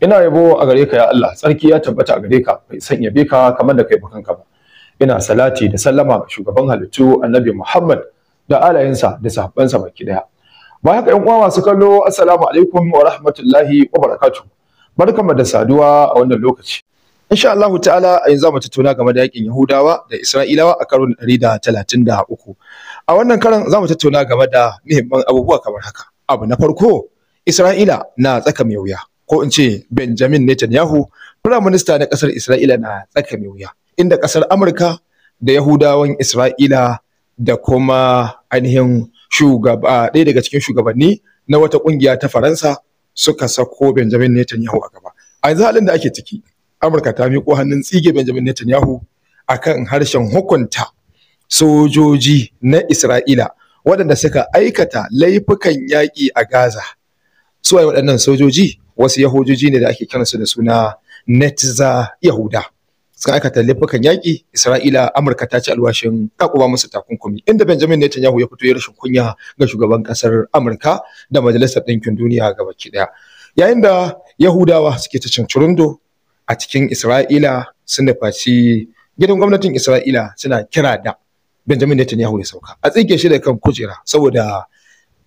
ina yabo a gare ka ya Allah tsarki ya tabbata a gare ka bai san yabe ka kamar da kai bakanka ba ina salati da sallama ga shugaban halittu annabi Muhammad da alayensa da sahabbansa baki daya ba haka ƴan uwa masu kallo assalamu alaikum wa rahmatullahi wa barakatuh barkamu da saduwa a wannan lokaci insha Allah ta'ala a yanzu zamu tattauna game da yakin Yahudawa da Isra'ilawa a karon 133 a wannan karan zamu tattauna game da muhimman abubuwa kamar haka abu na farko Isra'ila na tsaka mai wuya ko in ce Benjamin Netanyahu firaminista na ƙasar Isra'ila na tsaka mai wuya inda ƙasar Amurka da Yahudawan Isra'ila da kuma ainihin shugaba ɗaya daga cikin shugabanni na wata ƙungiya ta Faransa suka sako Benjamin Netanyahu a gaba a yanzu halin da ake ciki Amurka ta miƙo hannun tsige Benjamin Netanyahu akan harshen hukunta sojoji na Isra'ila waɗanda suka aikata laifukan yaƙi a Gaza. Su waɗannan sojoji wasu yahujoji ne da ake kiransu da suna netza yahuda suka aikata laifukan yaƙi isra'ila amurka ta ci alwashin takuba musu takunkumi inda benjamin netanyahu ya fito ya rashin kunya ga shugaban ƙasar amurka da majalisar ɗinkin duniya ga baki ɗaya yayin da yahudawa suke ta rundo, a cikin isra'ila sun nufaci gidan gwamnatin isra'ila suna kira da benjamin netanyahu ya sauka a tsike shi da kan kujera saboda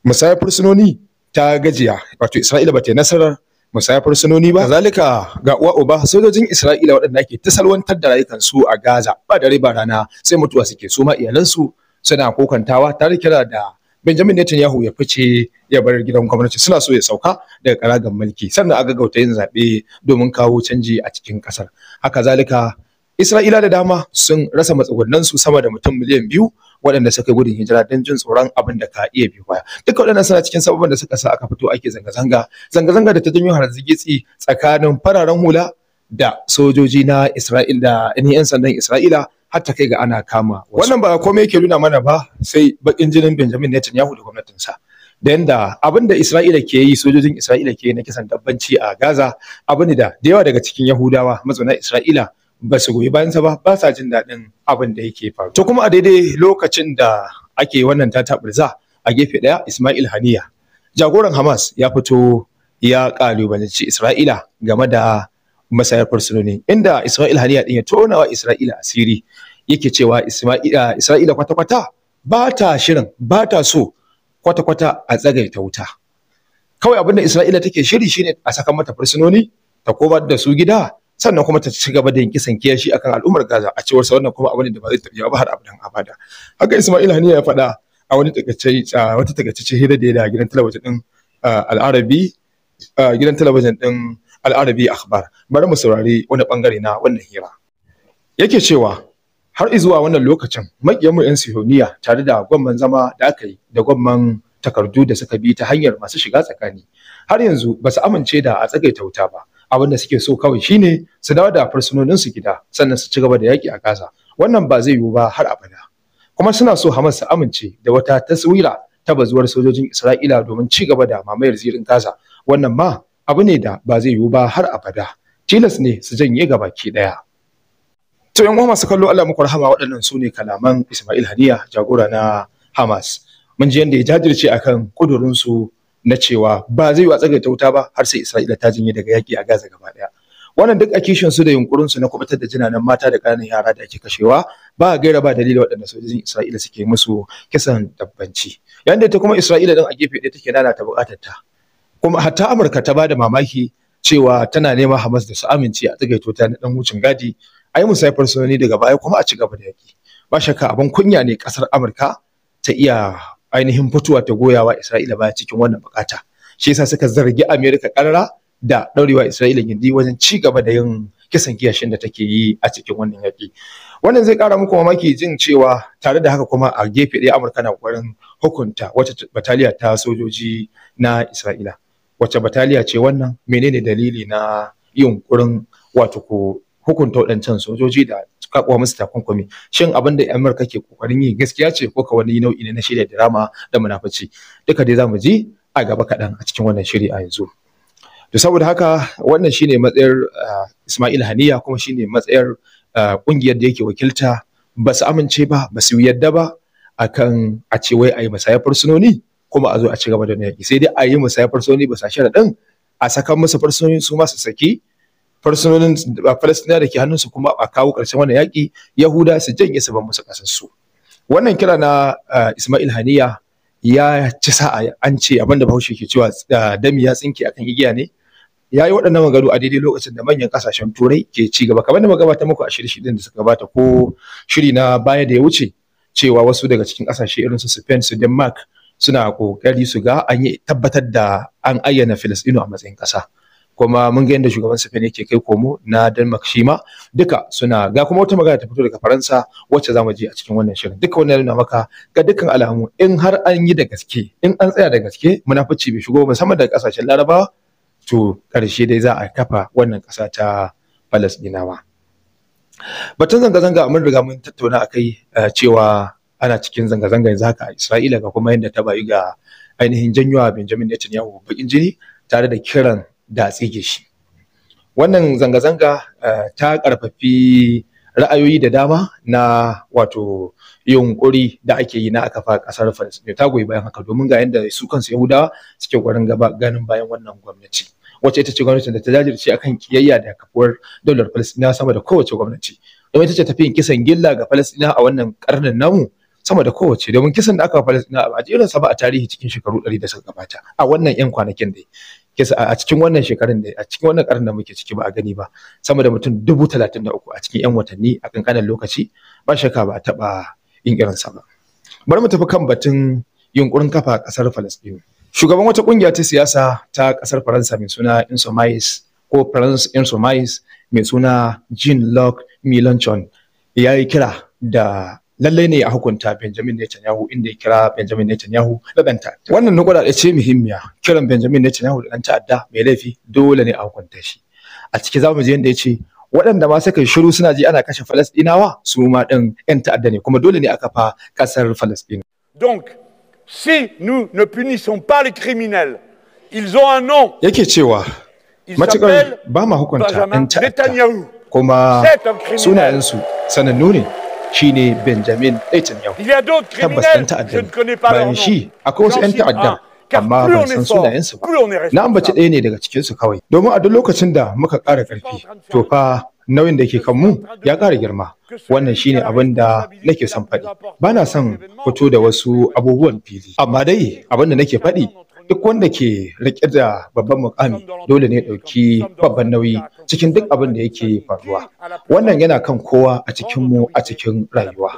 musayar fursunoni ta gajiya wato isra'ila ba ta yi nasarar musaya fursunoni ba kazalika ga uwa uba sojojin isra'ila waɗanda ake ta salwantar da rayukansu a gaza ba dare ba rana sai mutuwa suke su ma iyalansu suna kokantawa tare kira da benjamin netanyahu ya fice ya bar gidan gwamnati suna so ya sauka daga karagar mulki sannan a gauta yin zaɓe domin kawo canji a cikin ƙasar haka zalika Isra'ila da dama sun rasa su sama da mutum miliyan biyu waɗanda suka gudun hijira don jin tsoron abin da ka iya biyu baya. duk waɗannan suna cikin sababan da suka sa aka fito ake zanga-zanga. Zanga-zanga da ta janyo gitsi. tsakanin fararen hula da sojoji na Isra'ila da 'yan sandan Isra'ila har ta kai ga ana kama Wannan ba komai yake nuna mana ba sai bakin jinin Benjamin Netanyahu da gwamnatinsa. da yanda abin da Isra'ila ke yi sojojin Isra'ila ke yi na kisan dabbanci a Gaza abu ne da da yawa daga cikin Yahudawa mazauna Isra'ila ba su goyi bayansa ba ba sa jin daɗin abin da yake faru. To kuma a daidai lokacin da ake wannan tataɓarza a gefe ɗaya Ismail Haniya jagoran Hamas ya fito ya ƙalubalanci Isra'ila game da masayar fursunoni inda Isma'il Haniya ɗin ya tonawa Isra'ila asiri yake cewa ah, Isra'ila kwata-kwata ba ta shirin ba ta so kwata-kwata a ta wuta. Kawai abin da Isra'ila take shiri shine a saka mata fursunoni ta komar da su gida sannan kuma ta ci gaba da yin kisan kiyashi akan al'ummar Gaza a cewar sa wannan kuma abin da ba zai tafiya ba har abadan abada haka Ismail Haniya ya faɗa a wani takaice wata takaice hira da ya da gidan talabijin din Al-Arabi gidan talabijin din al Akhbar bari mu saurari wani bangare na wannan hira yake cewa har zuwa wannan lokacin mu 'yan Sihoniya tare da gwamman zama da aka yi da gwamman takardu da suka bi ta hanyar masu shiga tsakani har yanzu ba su amince da a tsagaita wuta ba abin da suke so kawai shine su dawo da fursunonin su gida sannan su ci gaba da yaki a Gaza wannan ba zai yiwu ba har abada kuma suna so Hamas su amince da wata taswira ta bazuwar sojojin Isra'ila domin ci gaba da mamayar zirin Gaza wannan ma abu ne da ba zai yiwu ba har abada tilas ne su janye ki daya to yan uwa masu kallo Allah muku rahama waɗannan su ne kalaman Ismail Haniya jagora na Hamas mun ji yadda ya jajirce akan su na cewa ba zai yi tsagaita wuta ba har sai Isra'ila ta jinye daga yaki a Gaza gaba daya wannan duk kishin su da yunkurin su na kubutar da jinanan mata da ƙananan yara da ake kashewa ba gaira ba dalili waɗanda sojojin Isra'ila suke musu kisan dabbanci yanda ta kuma Isra'ila din a gefe ɗaya take lalata buƙatar ta kuma hatta Amurka ta bada mamaki cewa tana neman Hamas da su amince a tsagaito ta na dan wucin gadi ai musayar sunani daga baya kuma a ci gaba da yaki ba shakka abin kunya ne kasar Amurka ta iya ainihin fitowa ta goyawa Isra'ila baya cikin wannan bukata shi yasa suka zargi Amerika karara da daurewa Isra'ila gindi wajen ci gaba da yin kisan kiyashin da take yi a cikin wannan yaki wannan zai kara muku mamaki jin cewa tare da haka kuma a gefe ɗaya Amurka na kokarin hukunta wata bataliya ta sojoji na Isra'ila wace bataliya ce wannan menene dalili na yunkurin wato ko hukunta waɗancan sojoji da kakwa musu takunkumi shin abin da amurka ke kokarin yi gaskiya ce ko ka wani nau'i ne na shirya drama da munafici duka dai zamu ji a gaba kaɗan a cikin wannan shiri a yanzu to saboda haka wannan shine matsayar ah, ismail haniya kuma shine matsayar kungiyar ah, da yake wakilta ba su amince ba ba su yadda ba akan a ce wai a yi musayar fursunoni kuma a zo a ci gaba da yaƙi sai dai a yi musayar fursunoni ba sa sharaɗin a saka musu fursunoni su ma su saki farsunonin falastina da ke hannunsu kuma a kawo ƙarshen wannan yaƙi yahuda su janye su ban musu ƙasarsu wannan kira na eh, ismail haniya ya ci sa'a an ce abin da bahaushe ke cewa eh, dami ya tsinke akan igiya ne ya yi waɗannan maganganu a daidai lokacin da manyan ƙasashen turai ke ci gaba kamar da magabata muku a shirye-shiryen da suka gabata ko shiri na baya da ya wuce cewa wasu daga cikin ƙasashe irin su Spain su Denmark suna ƙoƙari su ga an yi tabbatar da an ayyana Filistino a matsayin ƙasa. kuma mun ga yanda shugaban Spain yake kai komo na Denmark shi ma duka suna ga kuma wata magana ta fito daga Faransa wacce zamu je a cikin wannan shirin duka wannan yana maka ga dukkan alamu in har an yi da gaske in an tsaya da gaske munafici bai shigo musamman daga kasashen Larabawa to karshe dai za a kafa wannan kasa ta Palestinawa batun zanga-zanga mun riga mun tattauna akai eh, cewa ana cikin zanga-zanga yanzu haka a Isra'ila ga kuma yadda ta bayu ga ainihin janyowa Benjamin Netanyahu bakin jini tare da kiran da a tsige shi wannan zanga-zanga eh, ta karfafi ra'ayoyi da dama na wato yunkuri da ake yi na aka fa kasar Falasɗin ta goyi bayan haka domin ga yanda su kansu Yahudawa suke gwarin gaba ganin bayan wannan gwamnati wacce ita ce gwamnatin da ta jajirce akan kiyayya da kafuwar daular Falasɗina sama da kowace gwamnati domin ita ce tafiyin kisan gilla ga Falasɗina a wannan karnin namu sama da kowace domin kisan da aka fa Falasɗina a jerin sa ba a tarihi cikin shekaru 100 da suka gabata a wannan yan kwanakin dai kisa a cikin wannan shekarun da a cikin wannan karin da muke ciki ba a gani ba sama da mutum dubu talatin da uku a cikin yan watanni a kankanin lokaci ba shaka ba a taɓa yin irinsa ba bari mu tafi kan batun yunkurin kafa ƙasar falastinu shugaban wata kungiya ta siyasa ta ƙasar faransa mai suna insomais ko france insomais mai suna jean luc milanchon ya yi kira da lallai ne a hukunta Benjamin Netanyahu inda ya kira Benjamin Netanyahu da ɗan ta'adda. Wannan nukuda ce muhimmiya kiran Benjamin Netanyahu da ɗan ta'adda mai laifi dole ne a hukunta shi. A ciki za mu je yadda ya ce waɗanda ma suka yi shiru suna ji ana kashe Falasɗinawa su ma ɗin 'yan ta'adda ne kuma dole ne a kafa ƙasar Falasɗina. Donc, si nous ne punissons pas les criminels, ils ont un nom. Yake cewa matuƙar ba ma hukunta ƴan ta'adda kuma sunayensu sanannu ne. shine Benjamin Netanyahu. Tabbas ɗan ta'adda bayan shi akwai wasu 'yan ta'adda amma ban san sunayensu ba. Na ambaci ɗaya ne daga cikinsu kawai. Domin a duk lokacin da muka ƙara ƙarfi, to fa nauyin da ke kan mu ya ƙara girma. Wannan shine abin da nake son faɗi. Ba na son fito da wasu abubuwan fili. Amma dai abin da nake faɗi duk wanda ke rike da babban mukami dole ne ɗauki babban nauyi cikin duk abin da yake faruwa wannan yana kan kowa a cikin mu a cikin rayuwa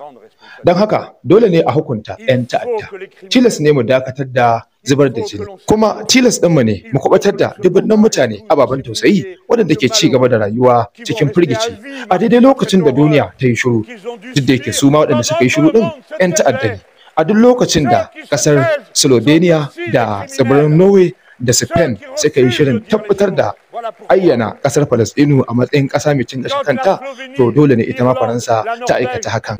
don haka dole ne a hukunta 'yan ta'adda tilas ne mu dakatar da zubar da jini kuma tilas ɗinmu ne mu kubatar da dubunnan mutane ababen tausayi waɗanda ke ci gaba da rayuwa cikin firgici a daidai lokacin da duniya ta yi shiru duk da yake su ma waɗanda suka yi shiru ɗin 'yan ta'adda ne a duk lokacin da kasar slovenia da tsibirin norway da spain suka yi shirin tabbatar da ayyana kasar Falasɗinu a matsayin kasa mai cin gashin kanta to dole ne ita ma faransa ta aikata hakan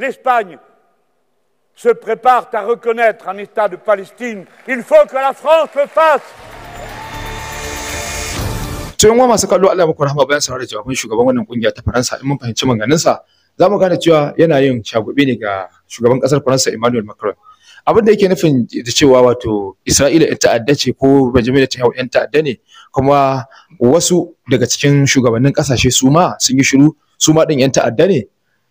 se prépare à reconnaître un État de Palestine. Il faut que la France le fasse. Tun wa masu kallo Allah muku rahama bayan sanar da jawabin shugaban wannan kungiya ta Faransa in mun fahimci manganinsa. za mu gane cewa yana yin shagube ne ga shugaban kasar Faransa Emmanuel Macron. Abin da yake nufin da cewa wato Isra'ila ‘yan ta'adda ce ko Benjamin Netanyahu ‘yan ta'adda ne kuma wasu daga cikin shugabannin kasashe su ma sun yi shiru su ma din ‘yan ta'adda ne.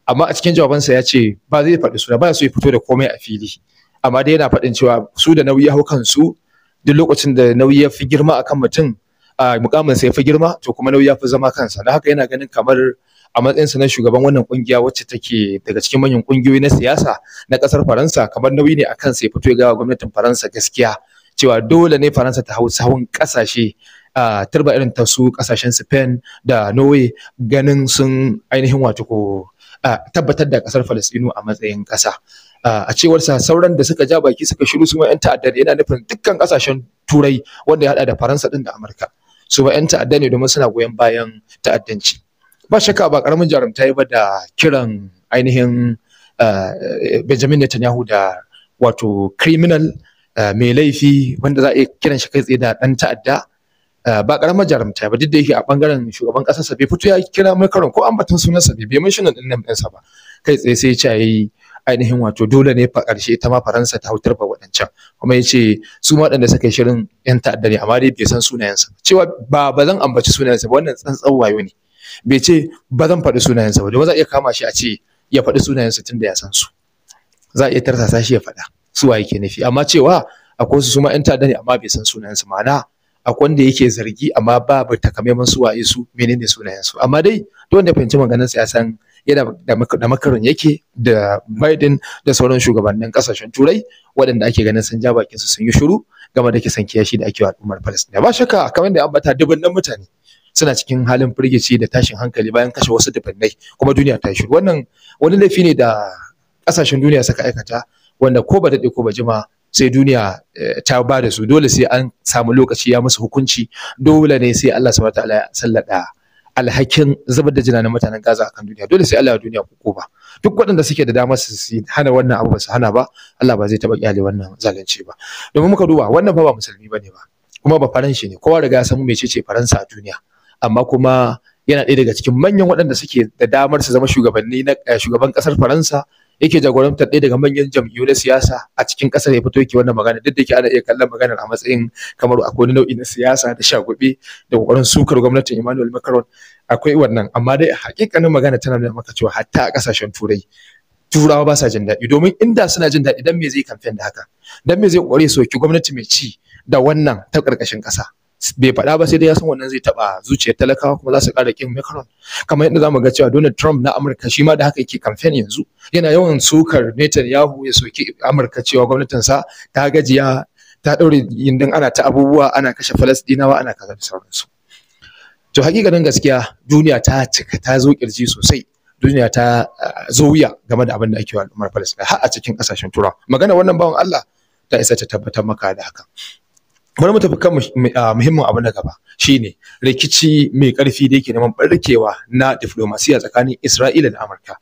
Amma a cikin jawabansa ya ce ba zai faɗi suna ba su ya fito da komai a fili. Amma dai yana faɗin cewa su da nauyi hau kansu duk lokacin da nauyi ya fi girma akan mutum a mukamin sa ya fi girma to kuma nauyi ya fi zama kansa. Na haka yana ganin kamar a matsayinsa na shugaban wannan kungiya wacce take daga cikin manyan kungiyoyi na siyasa na kasar Faransa kamar nauyi ne akan sai fito ga gwamnatin Faransa gaskiya cewa dole ne Faransa ta hau sahun kasashe a turba irin ta su kasashen Spain da Norway ganin sun ainihin wato ko tabbatar da kasar Falastinu a matsayin kasa. a cewarsa sauran da suka ja baki suka shiru su ma 'yan yana nufin dukkan kasashen turai wanda ya hada da faransa din da amurka su ma 'yan ta'adda ne domin suna goyon bayan ta'addanci ba shakka ba karamin jarumta ba da kiran ainihin eh, Benjamin Netanyahu da wato criminal eh, mai laifi wanda za a iya kiran shi kai tsaye da dan ta'adda eh, ba karamar jarumta ba duk da yake a bangaren shugaban kasar sa bai fito ya kira mai karon ko ambaton sunan sa bai bai mun din nan ɗinsa ba kai tsaye sai ya yi ainihin wato dole ne fa karshe ita ma faransa ta hautar ba waɗancan kuma ya ce su ma waɗanda suka yi shirin yan ta'adda ne amma dai bai san sunayensa cewa ba ba zan ambaci sunayensa ba wannan tsantsan wayo ne bai ce ba zan faɗi sunayensa ba domin za a iya kama shi a ce ya faɗi sunayensa tun da ya san su za a iya tarsasa shi ya faɗa su wa yake nufi amma cewa akwai su suma yan ta'adda ne amma bai san sunayensu ma'ana akwai wanda yake zargi amma babu takamaiman su waye su menene sunayensu amma dai duk wanda fahimci maganarsa ya san yana da makarin yake da Biden da sauran shugabannin kasashen turai waɗanda ake ganin sun ja su sun yi shiru game da kisan kiyashi da ake wa al'ummar Palestina ba shakka kamar da ambata dubunnan mutane suna cikin halin firgici da tashin hankali bayan kashe wasu dafannai kuma duniya ta shiru wannan wani laifi ne da ƙasashen duniya suka aikata wanda ko ba daɗe ko ba jima sai duniya eh, ta ba da su dole sai an samu lokaci ya musu hukunci dole ne sai Allah subhanahu wataala ya sallada alhakin zubar da jinanin mutanen Gaza akan duniya dole sai Allah ya duniya ko ba duk waɗanda suke da damar su hana wannan abu ba su hana ba Allah ba zai taɓa kyale wannan zalunci ba domin muka duba wannan fa ba musulmi bane ba kuma ba faranshi ne kowa riga ya san mecece faransa a duniya amma kuma yana ɗaya daga cikin manyan waɗanda suke da damar su zama shugabanni na eh, shugaban ƙasar Faransa yake jagorantar ɗaya daga manyan jam'iyyu na siyasa a cikin ƙasar ya fito yake wannan magana duk da yake ana iya kallon maganar a matsayin kamar akwai wani nau'i na siyasa da shagobe da kokarin sukar gwamnatin Emmanuel Macron akwai wannan amma dai hakikanin magana tana nuna maka cewa hatta a ƙasashen turai turawa ba sa jin daɗi domin inda suna jin daɗi dan me zai kamfen da haka dan me zai ƙware soki gwamnati mai ci da wannan ta ƙarƙashin ƙasa bai faɗa ba sai dai ya san wannan zai taɓa zuciyar talakawa kuma za su ƙara ƙin Macron kamar yadda zamu ga cewa Donald Trump na Amurka shi ma da haka yake campaign yanzu yana yawan sukar yahu ya soki Amurka cewa gwamnatinsa ta gajiya ta ɗaure yindin ana ta abubuwa ana kashe Falastinawa ana kaza da sauransu to hakikanin gaskiya duniya ta cika ta zo kirji sosai duniya ta ah, zo wuya game da abin da ake wa al'ummar Falasɗina har a cikin ƙasashen Turawa magana wannan bawan Allah ta isa ta tabbatar maka da haka bari mu tafi kan ah, muhimmin abu na gaba shine rikici mai karfi da yake neman barkewa na diflomasiya tsakanin Isra'ila da Amurka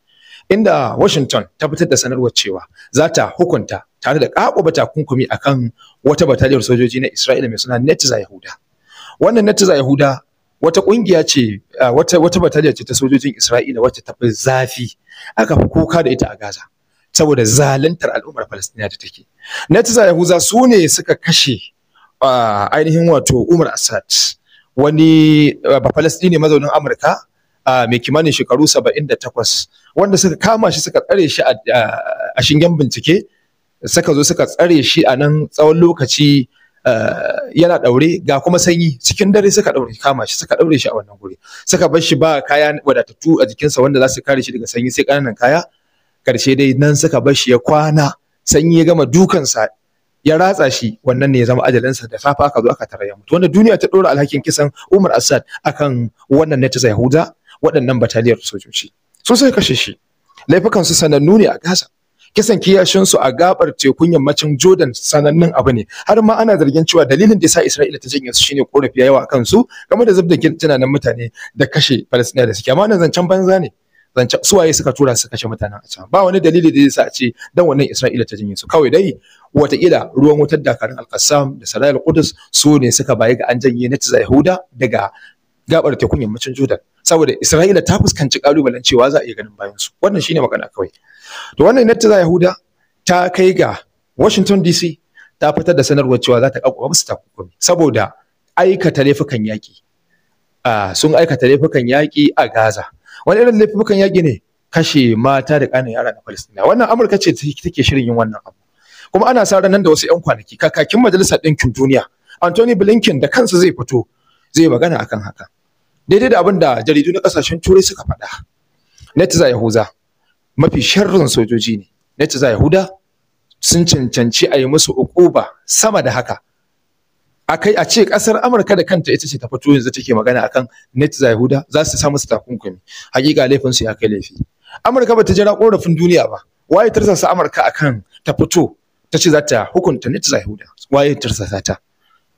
inda Washington ta fitar da sanarwar cewa za ta hukunta tare da kakaba takunkumi akan wata bataliyar sojoji na Isra'ila mai suna Netza Yahuda wannan Netza Yahuda wata kungiya ce ah, wata bataliyar ce ta sojojin Isra'ila wacce ta fi zafi aka fi kuka da ita a Gaza saboda zaluntar al'ummar Palestina da take Netza Yahuda su ne suka kashe ainihin wato Umar Assad wani eh, Bafalastini mazaunin Amurka mai kimanin shekaru 78 wanda suka kama shi suka tsare shi a shingen bincike suka zo suka tsare shi a nan tsawon lokaci eh, yana ɗaure ga kuma sanyi cikin dare suka ɗaure kama shi suka ɗaure shi a wannan guri suka bar shi ba kaya wadatattu a jikinsa wanda za su kare shi daga sanyi sai kananan kaya karshe dai nan suka bar shi ya kwana sanyi ya gama dukansa ya ratsa shi wannan ne ya zama ajalinsa da safa aka zo aka tara ya mutu wanda duniya ta dora alhakin kisan Umar Assad akan wannan netis Yahuda waɗannan bataliyar sojoji su sai kashe shi laifukan su sanannu ne a Gaza kisan kiyashin su a gabar tekun yammacin Jordan sanannun abu ne har ma ana zargin cewa dalilin da yasa Isra'ila ta janye su shine korafi yawa akan su game da zabda tunanin mutane da kashe Palestina da suke amma nan zancen banza ne zance suwaye suka tura su kashe mutanen a can ba wani dalili da zai sa a ce dan wannan Isra'ila ta jinye su kawai dai wataƙila ruwan wutar dakarun al-Qassam da Sarayar Qudus su ne suka bayi ga an janye na Yahuda daga gabar tekun yammacin Jordan saboda Isra'ila ta fuskanci kalubalen cewa za a iya ganin bayan su wannan shine magana kawai to wannan na Yahuda ta kai ga Washington DC ta fitar da sanarwar cewa za ta kakkuba musu takunkumi saboda aikata laifukan yaƙi ah, sun aikata laifukan yaƙi a Gaza wani irin laifukan yaƙi ne kashe mata da ƙananan yara na Palestina wannan Amurka ce take shirin yin wannan abu kuma ana sa ran nan da wasu 'yan kwanaki kakakin majalisar ɗinkin duniya Anthony Blinken da kansa zai fito zai magana akan haka daidai da abin da jaridu na kasashen turai suka faɗa Netza Yahuza mafi sharrin sojoji ne Netza Yahuda sun cancanci a yi musu ukuba sama da haka akai a ce kasar Amurka da kanta ita ce ta fito yanzu take magana akan net Yahuda za su samu su takunkumi hakika laifin su ya kai laifi Amurka ba ta jira korafin duniya ba waye tarsasa Amurka akan ta fito ta ce za ta hukunta net Yahuda waye tarsasa ta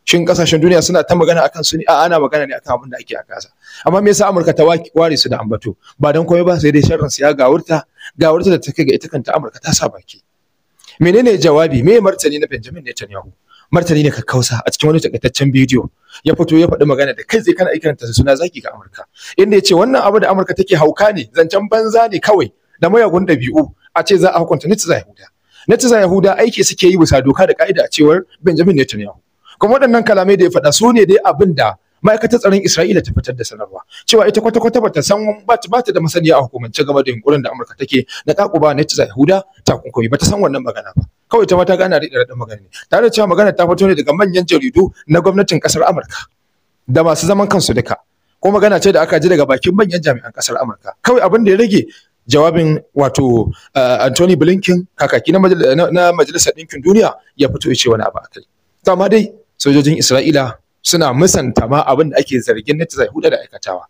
shin kasashen duniya suna ta magana akan su ne a ana magana ne akan abin da ake a kasa amma me yasa Amurka ta ware su da ambato ba dan komai ba sai dai sharrin su ya gawurta gawurta da take ga ita kanta Amurka ta sa baki menene jawabi me martani na Benjamin Netanyahu martani ne kakkausa a cikin wani takaitaccen bidiyo ya fito ya faɗi magana da kai tsaye kana aikin ta suna zaki ga Amurka inda ya ce wannan abu da Amurka take hauka ne zancen banza ne kawai da mayagun dabi'u a ce za a hukunta Nitsa Yahuda Nitsa Yahuda aiki suke yi bisa doka da ka'ida a cewar Benjamin Netanyahu kuma waɗannan kalamai da ya faɗa su ne dai abin da ma'aikatar tsaron Isra'ila ta fitar da sanarwa cewa ita kwata-kwata bata san bata bata da masaniya a hukumance game da yunkurin da Amurka take na kakuba na ta Yahuda bata san wannan magana ba kawai ta mata gana da da magana tare da cewa magana ta fito ne daga manyan jaridu na gwamnatin kasar Amurka da masu zaman kansu duka ko magana ce da aka ji daga bakin manyan jami'an kasar Amurka kawai abin da ya rage jawabin wato eh, Anthony Blinken kakaki na majalisar ɗinkin duniya ya fito ya ce wani abu akai to amma dai sojojin Isra'ila suna musanta ma abin da ake zargin Netanyahu huda da aikatawa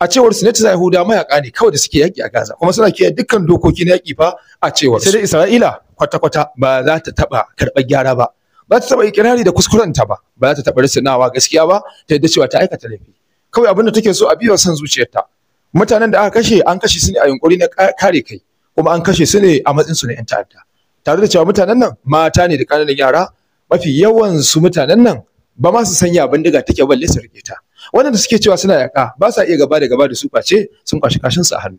a cewar su na Netanyahu huda mayaka ne kawai da suke yaki a Gaza kuma suna kiyaye dukkan dokoki na yaki fa a cewar sai dai Isra'ila kwata-kwata ba za ta taɓa karɓar gyara ba ba ta taɓa ikirari da kuskurenta ba ba za ta taɓa risinawa gaskiya ba ta yadda cewa ta aikata laifi kawai abin da take so a biyo son zuciyarta mutanen da aka kashe an kashe su ne a yunkuri na kare kai kuma an kashe su ne a matsayin su na yan ta'adda tare da cewa mutanen nan mata ne da kananan yara mafi yawan su mutanen nan ba ma su sanya bindiga take balle su rike ta waɗanda suke cewa suna yaka ba sa iya gaba da gaba da su face sun kwashi kashin su a hannu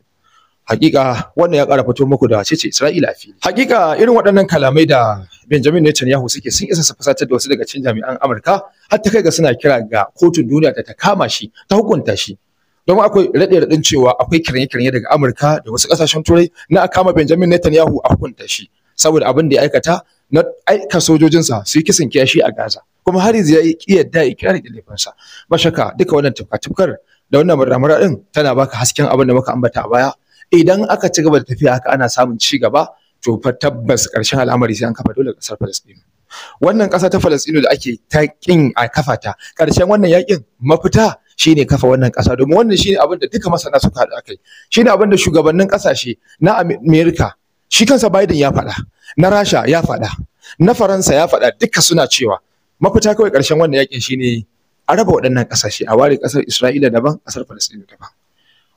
hakika wannan ya kara fito muku da cece Isra'ila a fili hakika irin waɗannan kalamai da Benjamin Netanyahu suke sun isa su da wasu daga cikin jami'an Amurka har ta kai ga suna kira ga kotun duniya ta ta kama shi ta hukunta shi don akwai raɗe raɗin cewa akwai kiranye-kiranye daga Amurka da wasu kasashen Turai na kama Benjamin Netanyahu a hukunta shi saboda abin da ya aikata na aika sojojinsa su yi kisan kiyashi a Gaza kuma har yanzu ya ki yadda ya kira da laifinsa ba shakka duka wannan tafka da wannan murmura din tana baka hasken abin da muka ambata a baya idan aka ci gaba da tafiya haka ana samun ci gaba to fa tabbas ƙarshen al'amari sai an kafa dole ƙasar falasɗinu wannan ƙasa ta falasɗinu da ake ta kin a kafa ta ƙarshen wannan yakin mafita shine kafa wannan ƙasa domin wannan shine abin da duka masana suka haɗu akai shine abin da shugabannin ƙasashe na America shi kansa Biden ya faɗa na Rasha ya faɗa na Faransa ya faɗa duka suna cewa mafita kawai ƙarshen wannan yakin shine a raba waɗannan ƙasashe a ware ƙasar Isra'ila daban ƙasar falasɗinu daban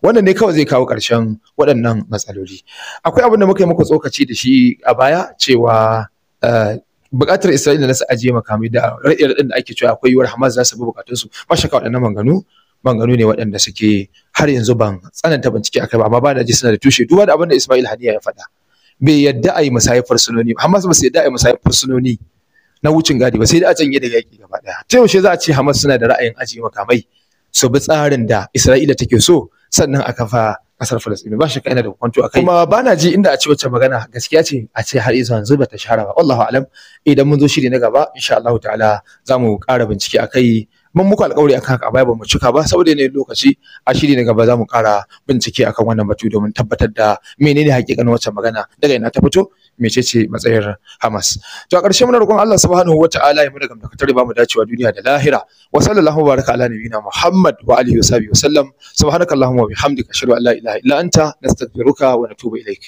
wannan ne kawai zai kawo ƙarshen waɗannan matsaloli akwai abin da muka yi muku tsokaci da shi a baya cewa eh, buƙatar Isra'ila na su ajiye makamai da raɗe raɗin da ake cewa akwai yiwuwar Hamas za su bi buƙatunsu ba shakka waɗannan manganu manganu ne waɗanda suke har yanzu ban tsananta bincike akai ba amma ba da ji suna da tushe duba da abin da Ismail Haniya ya faɗa bai yadda a yi musayar fursunoni Hamas ba su yadda a yi musayar fursunoni na wucin gadi ba sai da a can da yaƙi gaba ɗaya ta yaushe za a ce Hamas suna da ra'ayin ajiye makamai su bi tsarin da Isra'ila take so sannan a kafa kasar Falasɗinu ba shakka ina da kwanto kai. kuma ba na ji inda a ce wacce magana gaskiya ce a ce har izuwa yanzu ba ta shahara ba wallahu alam idan mun zo shiri na gaba insha Allah ta'ala za mu ƙara bincike a kai. mun muku alƙawari akan haka a ba mu cika ba saboda yanayin lokaci a shiri na gaba za mu ƙara bincike akan wannan batu domin tabbatar da menene hakikanin wacce magana daga ina ta fito mecece matsayin Hamas to a ƙarshe muna roƙon Allah subhanahu wata'ala ya mu daga mutakatar ba mu dacewa duniya da lahira wa sallallahu baraka ala nabiyina Muhammad wa alihi wa sahbihi wa sallam subhanakallahumma wa bihamdika ashhadu an la ilaha illa anta nastaghfiruka wa natubu ilayk